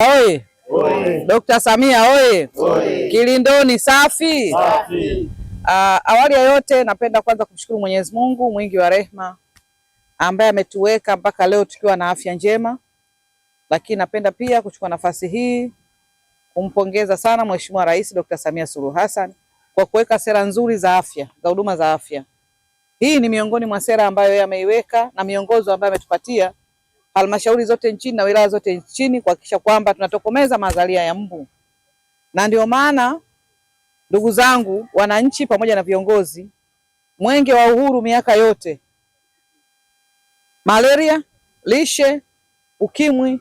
Oye. Dokta Samia oye. Oye. Kilindoni safi, safi. Uh, awali ya yote napenda kwanza kumshukuru Mwenyezi Mungu mwingi wa rehma ambaye ametuweka mpaka leo tukiwa na afya njema, lakini napenda pia kuchukua nafasi hii kumpongeza sana Mheshimiwa Rais Dokta Samia Suluhu Hassan kwa kuweka sera nzuri za afya za huduma za afya. Hii ni miongoni mwa sera ambayo yameiweka na miongozo ambayo ametupatia halmashauri zote nchini na wilaya zote nchini kuhakikisha kwamba tunatokomeza mazalia ya mbu, na ndio maana ndugu zangu wananchi pamoja na viongozi, mwenge wa uhuru miaka yote, malaria, lishe, ukimwi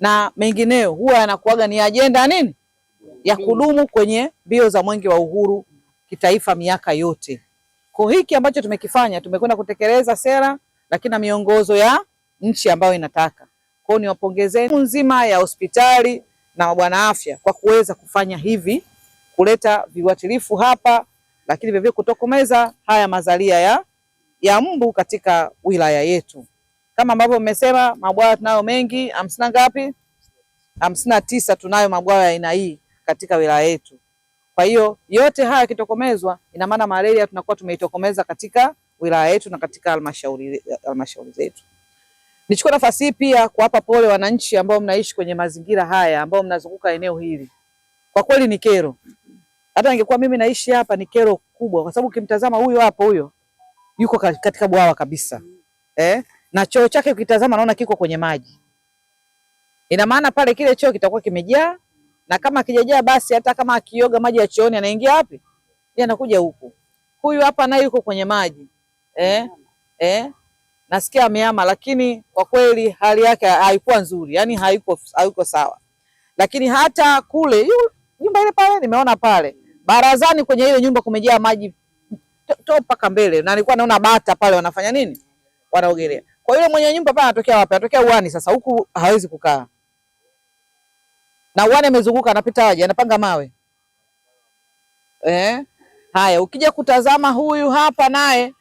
na mengineo huwa yanakuaga ni ajenda nini ya kudumu kwenye mbio za mwenge wa uhuru kitaifa miaka yote. Kwa hiki ambacho tumekifanya, tumekwenda kutekeleza sera lakini na miongozo ya nchi ambayo inataka. Kwao hiyo niwapongezeni nzima ya hospitali na bwana afya kwa kuweza kufanya hivi, kuleta viuatilifu hapa, lakini vivyo kutokomeza haya mazalia ya, ya mbu katika wilaya yetu. Kama ambavyo mmesema, mabwawa tunayo mengi, hamsini na ngapi? Hamsini na tisa tunayo mabwawa ya aina hii katika wilaya yetu. Kwa hiyo yote haya yakitokomezwa, ina maana malaria tunakuwa tumeitokomeza katika wilaya yetu na katika halmashauri halmashauri zetu. Nichukua nafasi hii pia kuwapa pole wananchi ambao mnaishi kwenye mazingira haya, ambao mnazunguka eneo hili. Kwa kweli ni kero, hata ningekuwa mimi naishi hapa ni kero kubwa, kwa sababu ukimtazama huyo hapo, huyo yuko katika bwawa kabisa eh? na choo chake ukitazama, naona kiko kwenye maji. Ina maana pale kile choo kitakuwa kimejaa, na kama kijajaa, basi hata kama akioga maji ya chooni anaingia wapi? Yeye anakuja huku. Huyu hapa naye yuko kwenye maji eh? Eh? nasikia ameama, lakini kwa kweli hali yake haikuwa nzuri, yani haiko haiko sawa. Lakini hata kule nyumba ile pale nimeona pale barazani kwenye ile nyumba kumejaa maji to mpaka mbele, na nilikuwa naona bata pale wanafanya nini, wanaogelea. Kwa hiyo mwenye nyumba pale anatokea wapi? Anatokea uani. Sasa huku hawezi kukaa, na uani amezunguka, anapita waje, anapanga mawe eh. Haya, ukija kutazama huyu hapa naye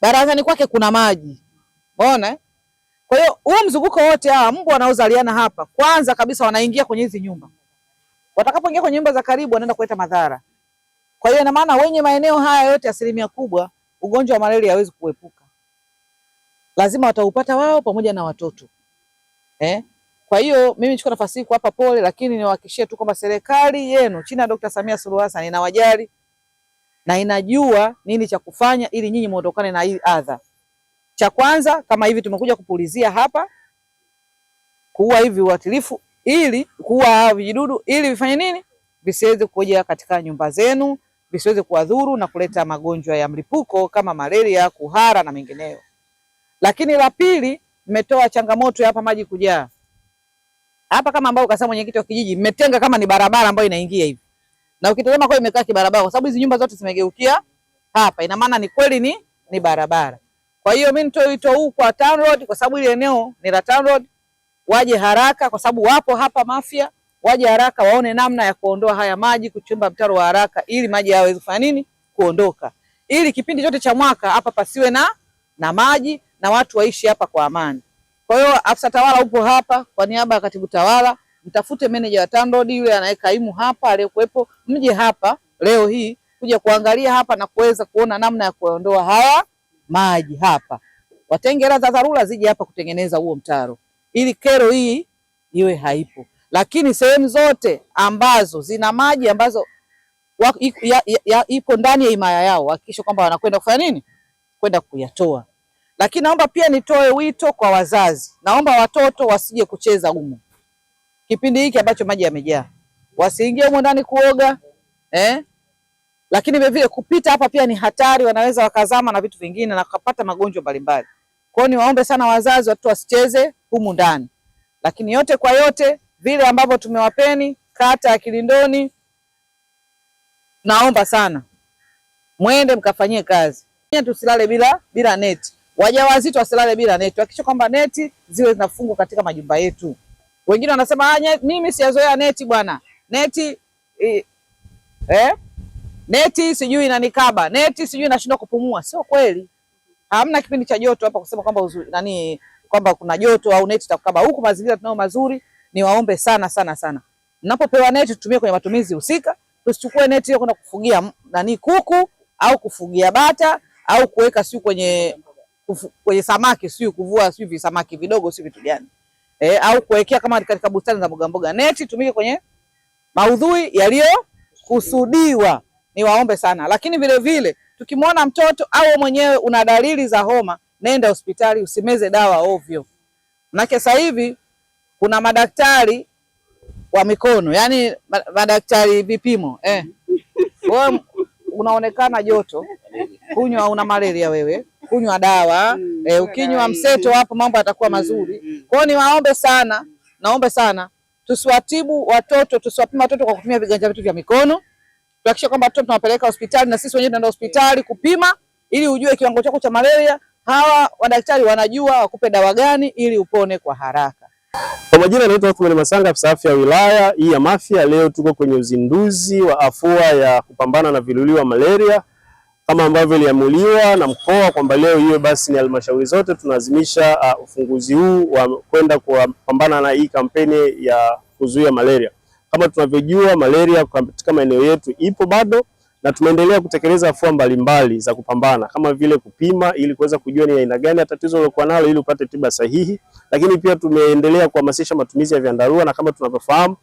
barazani kwake kuna maji Unaona? Kwa hiyo huo mzunguko wote hawa mbwa wanaozaliana hapa, kwanza kabisa wanaingia kwenye hizi nyumba. Watakapoingia kwenye nyumba za karibu wanaenda kuleta madhara. Kwa hiyo ina maana wenye maeneo haya yote asilimia kubwa ugonjwa wa malaria hawezi kuepuka. Lazima wataupata wao pamoja na watoto. Eh? Kwa hiyo mimi nichukua nafasi hii kuwapa pole, lakini niwahakikishie tu kwamba serikali yenu chini ya Dkt. Samia Suluhu Hassan inawajali na inajua nini cha kufanya ili nyinyi muondokane na hii adha. Cha kwanza kama hivi tumekuja kupulizia hapa kuua hivi viuatilifu ili kuua vijidudu ili vifanye nini, visiweze kuja katika nyumba zenu, visiweze kuwadhuru na kuleta magonjwa ya mlipuko kama malaria, kuhara na mengineyo. Lakini la pili, mmetoa changamoto ya hapa maji kujaa hapa, kama ambao kasema mwenyekiti wa kijiji, mmetenga kama ni barabara ambayo inaingia hivi, na ukitazama kwa imekaa kibarabara, kwa sababu hizi nyumba zote zimegeukia hapa, ina maana ni kweli ni ni barabara kwa hiyo mimi nitoe wito huu kwa TANROADS kwa sababu ile eneo ni la TANROADS, waje haraka kwa sababu wapo hapa Mafia, waje haraka waone namna ya kuondoa haya maji, kuchimba mtaro wa haraka ili maji yaweze kufanya nini, kuondoka, ili kipindi chote cha mwaka hapa pasiwe na na maji na watu waishi hapa kwa amani. Kwa hiyo afisa tawala upo hapa kwa niaba ya katibu tawala, mtafute meneja wa TANROADS yule anayekaimu hapa aliyekuwepo, mje hapa leo hii kuja kuangalia hapa na kuweza kuona namna ya kuondoa haya maji hapa, watenge hela za dharura zije hapa kutengeneza huo mtaro, ili kero hii iwe haipo. Lakini sehemu zote ambazo zina maji ambazo ipo ndani ya himaya yao, hakikisha kwamba wanakwenda kufanya nini, kwenda kuyatoa. Lakini naomba pia nitoe wito kwa wazazi, naomba watoto wasije kucheza humo kipindi hiki ambacho maji yamejaa, wasiingie humo ndani kuoga eh? lakini vile kupita hapa pia ni hatari, wanaweza wakazama na vitu vingine na kupata magonjwa mbalimbali. Kwa hiyo niwaombe sana wazazi, watoto wasicheze humu ndani. Lakini yote kwa yote, vile ambavyo tumewapeni kata ya Kilindoni, naomba sana mwende mkafanyie kazi, tusilale bila bila neti. Wajawazito wasilale bila neti, hakikisha kwamba neti ziwe zinafungwa katika majumba yetu. Wengine wanasema ah, mimi sijazoea neti bwana, neti eh neti sijui inanikaba, neti sijui nashindwa kupumua. Sio kweli, hamna kipindi cha joto hapa kusema kwamba uzuri nani, kwamba kuna joto au neti itakukaba. Huku mazingira tunayo mazuri, niwaombe sana sana sana, mnapopewa neti tutumie kwenye matumizi husika. Tusichukue neti hiyo kwenda kufugia nani kuku au kufugia bata au kuweka siu kwenye kufu, kwenye samaki siu kuvua vi samaki vidogo siu vitu gani eh, au kuwekea kama katika bustani za mboga mboga. Neti tumike kwenye maudhui yaliyo kusudiwa niwaombe sana, lakini vilevile tukimwona mtoto au mwenyewe una dalili za homa, nenda hospitali, usimeze dawa ovyo. Manake sasa hivi kuna madaktari wa mikono, yani madaktari vipimo eh. Wewe unaonekana joto, kunywa una malaria wewe, kunywa dawa mm. eh, ukinywa mseto hapo mambo yatakuwa mazuri. Mm. Mm. Kwa hiyo niwaombe sana, naombe sana tusiwatibu watoto, tusiwapima watoto kwa kutumia viganja vitu vya mikono. Tuhakikishe kwamba watoto tunawapeleka hospitali na sisi wenyewe tunaenda hospitali kupima ili ujue kiwango chako cha malaria. Hawa wadaktari wanajua wakupe dawa gani ili upone kwa haraka. Kwa majina naitwa Othman Masanga, afisa afya ya wilaya hii ya Mafia. Leo tuko kwenye uzinduzi wa afua ya kupambana na viluliwa malaria kama ambavyo iliamuliwa na mkoa kwamba leo hiyo basi ni halmashauri zote tunaazimisha uh, ufunguzi uh, huu wa kwenda kupambana na hii kampeni ya kuzuia malaria. Kama tunavyojua malaria katika maeneo yetu ipo bado, na tumeendelea kutekeleza afua mbalimbali za kupambana kama vile kupima ili kuweza kujua ni aina gani ya tatizo lilokuwa nalo ili upate tiba sahihi, lakini pia tumeendelea kuhamasisha matumizi ya vyandarua, na kama tunavyofahamu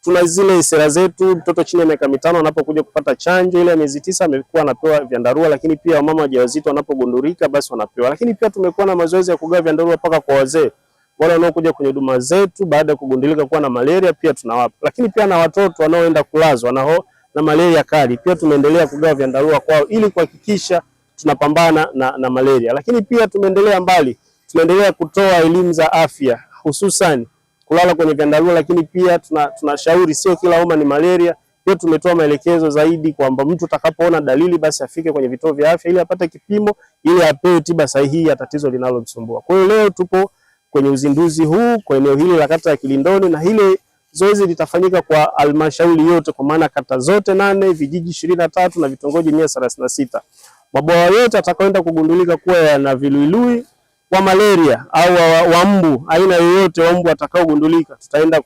tuna zile sera zetu, mtoto chini ya miaka mitano anapokuja kupata chanjo ile ya miezi tisa amekuwa anapewa vyandarua, lakini pia wamama wajawazito wanapogundulika basi wanapewa, lakini pia tumekuwa na mazoezi ya kugawa vyandarua mpaka kwa wazee wale wanaokuja kwenye huduma zetu baada ya kugundulika kuwa na malaria pia tunawapa, lakini pia na watoto wanaoenda kulazwa na, na malaria kali pia tumeendelea kugawa vyandarua kwao ili kuhakikisha tunapambana na, na malaria. Lakini pia tumeendelea mbali, tunaendelea kutoa elimu za afya hususan kulala kwenye vyandarua, lakini pia tunashauri tuna sio kila homa ni malaria. Pia tumetoa maelekezo zaidi kwamba mtu atakapoona dalili basi afike kwenye vituo vya afya ili apate kipimo ili apewe tiba sahihi ya tatizo linalomsumbua. Kwa hiyo leo tupo kwenye uzinduzi huu kwa eneo hili la kata ya Kilindoni, na hili zoezi litafanyika kwa halmashauri yote, kwa maana kata zote nane, vijiji ishirini na tatu na vitongoji mia thelathini na sita. Mabwawa yote atakayoenda kugundulika kuwa yana viluilui wa malaria au wa, wa mbu aina yoyote wa mbu atakaogundulika, tutaenda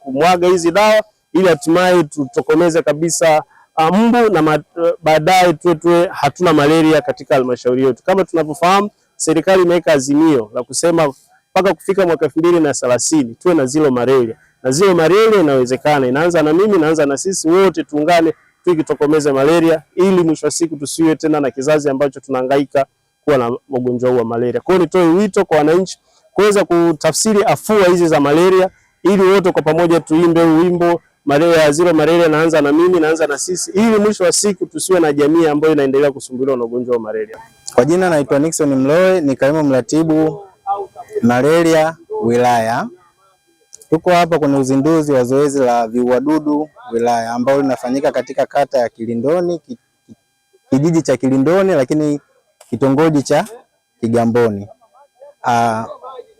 kumwaga hizi dawa ili hatimaye tutokomeze kabisa ah, mbu na baadaye tuwe tuwe hatuna malaria katika halmashauri yetu. Kama tunavyofahamu, serikali imeweka azimio la kusema mpaka kufika mwaka elfu mbili na thelathini tuwe na zero malaria. Na zero malaria inawezekana, inaanza na mimi, inaanza na sisi wote, tuungane tukitokomeza malaria, ili mwisho wa siku tusiwe tena na kizazi ambacho tunahangaika kuwa na ugonjwa huu wa malaria. Kwa hiyo nitoe wito kwa wananchi kuweza kutafsiri afua hizi za malaria, ili wote kwa pamoja tuimbe wimbo malaria ya zero malaria, naanza na mimi, naanza na sisi, ili mwisho wa siku tusiwe na jamii ambayo inaendelea kusumbuliwa na ugonjwa wa malaria. Kwa jina naitwa Nixon Mloe, ni kaimu mratibu malaria wilaya. Tuko hapa kwenye uzinduzi wa zoezi la viuadudu wilaya ambalo linafanyika katika kata ya Kilindoni, kijiji cha Kilindoni, lakini kitongoji cha Kigamboni. Aa, ah,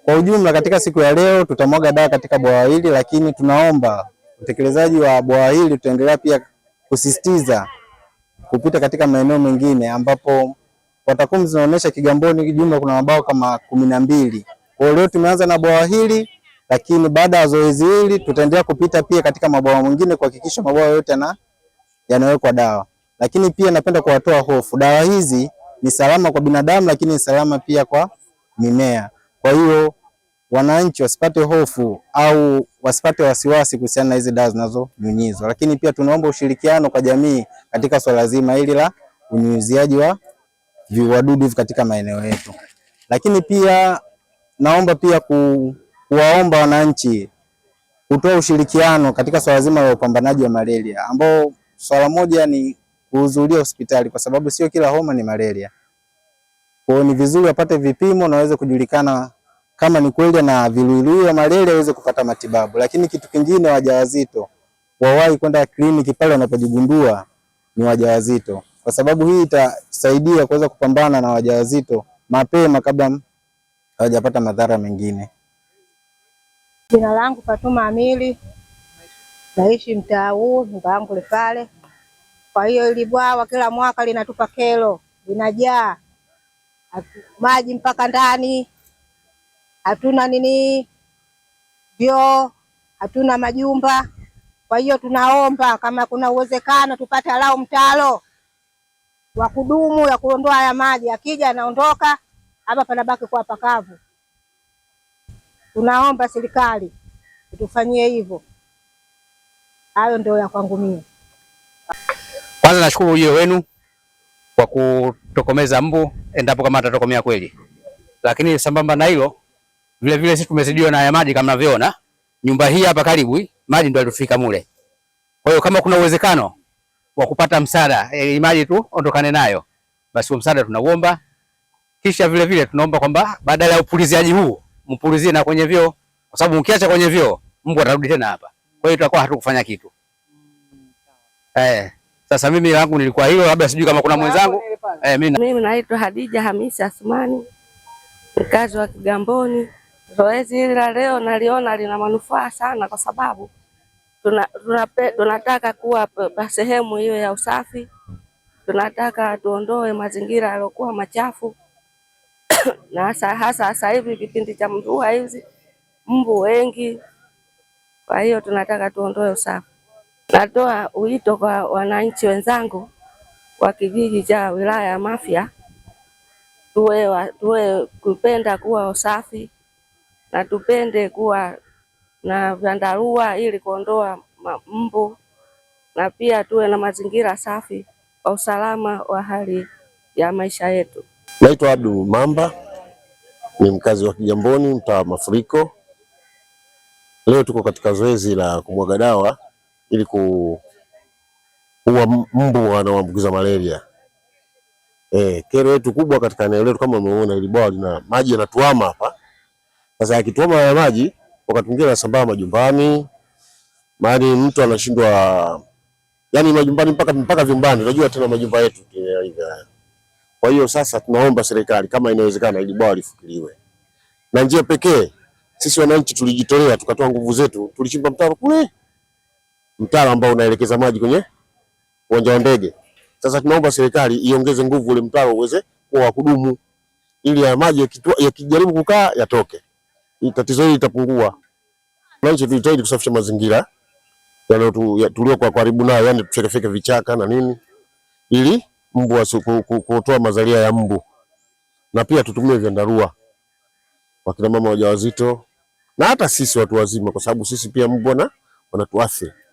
kwa ujumla katika siku ya leo tutamwaga dawa katika bwawa hili, lakini tunaomba utekelezaji wa bwawa hili tutaendelea pia kusisitiza kupita katika maeneo mengine ambapo kwa takwimu zinaonyesha Kigamboni jumla kuna mabao kama kumi na mbili kwa leo tumeanza na bwawa hili, lakini baada ya zoezi hili tutaendelea kupita pia katika mabwawa mengine kuhakikisha mabwawa yote na yanawekwa dawa. Lakini pia napenda kuwatoa hofu, dawa hizi ni salama kwa binadamu, lakini ni salama pia kwa mimea. Kwa hiyo wananchi wasipate hofu au wasipate wasiwasi kuhusiana na hizi dawa zinazonyunyizwa. Lakini pia tunaomba ushirikiano kwa jamii katika swala zima hili la unyunyiziaji wa viwadudu hivi katika maeneo yetu. Lakini pia naomba pia ku, kuwaomba wananchi kutoa ushirikiano katika swala zima la upambanaji wa malaria, ambao swala moja ni kuhudhuria hospitali, kwa sababu sio kila homa ni malaria. Kwa ni vizuri apate vipimo na aweze kujulikana kama ni kweli na viluilui wa malaria aweze kupata matibabu. Lakini kitu kingine, wajawazito wawahi kwenda kliniki pale wanapojigundua ni wajawazito, kwa sababu hii itasaidia kuweza kupambana na wajawazito mapema kabla hawajapata madhara mengine. Jina langu Fatuma Amili, naishi mtaa huu, nyumba yangu pale. Kwa hiyo ili bwawa kila mwaka linatupa kero, linajaa maji mpaka ndani, hatuna nini vyoo, hatuna majumba. Kwa hiyo tunaomba kama kuna uwezekano tupate alao mtalo wa kudumu ya kuondoa haya maji, akija anaondoka hapa panabaki kuwa pakavu. Tunaomba serikali tufanyie hivyo. Hayo ndio ya kwangu mimi. Kwanza nashukuru ujio wenu kwa kutokomeza mbu, endapo kama atatokomea kweli. Lakini sambamba na hilo vile vile sisi tumezidiwa na maji, kama mnavyoona nyumba hii hapa karibu maji ndio alifika mule. Kwa hiyo kama kuna uwezekano wa kupata msaada, e, maji tu ondokane nayo, basi huo msaada tunauomba. Kisha vile vile tunaomba kwamba badala ya upuliziaji huu mpulizie na kwenye vyoo, kwa sababu ukiacha kwenye vyoo mbwa atarudi tena hapa. Kwa hiyo tutakuwa hatukufanya kitu mm, eh. Sasa mimi langu nilikuwa hilo, labda sijui kama kuna mwenzangu eh. Mimi naitwa Hadija Hamisi Asmani, mkazi wa Kigamboni. Zoezi hili la leo naliona lina manufaa sana, kwa sababu tunataka tuna, tuna kuwa pa sehemu hiyo ya usafi, tunataka tuondoe mazingira yaliokuwa machafu na hasa sasa hivi kipindi cha mvua hizi mbu wengi. Kwa hiyo tunataka tuondoe usafi. Natoa uito kwa wananchi wenzangu wa kijiji cha wilaya ya Mafia, tuwe tuwe kupenda kuwa usafi na tupende kuwa na vyandarua ili kuondoa mbu na pia tuwe na mazingira safi kwa usalama wa hali ya maisha yetu. Naitwa Abdu Mamba, ni mkazi wa Kigamboni, mtaa wa Mafuriko. Leo tuko katika zoezi la kumwaga dawa ili kuua mbu wanaoambukiza malaria. E, kero yetu kubwa katika eneo letu kama umeona, ili bwawa lina maji yanatuama hapa. Sasa yakituama ya maji wakati mwingine yanasambaa majumbani, maana mtu anashindwa, yani majumbani mpaka mpaka vyumbani. Unajua tena majumba yetu hivyo kwa hiyo sasa tunaomba serikali kama inawezekana, ili bwawa lifikiriwe, na njia pekee sisi wananchi tulijitolea, tukatoa nguvu zetu, tulichimba mtaro kule, mtaro ambao unaelekeza maji kwenye uwanja wa ndege. Sasa tunaomba serikali iongeze nguvu ule mtaro uweze kuwa wa kudumu, ili ya maji yakijaribu ya kukaa yatoke, tatizo hili litapungua. Wananchi tujitahidi kusafisha mazingira kwa karibu nayo, yani tuchekefeke vichaka na nini, ili mbu kutoa mazalia ya mbu, na pia tutumie vyandarua wakina mama wajawazito na hata sisi watu wazima, kwa sababu sisi pia mbu wanatuathiri.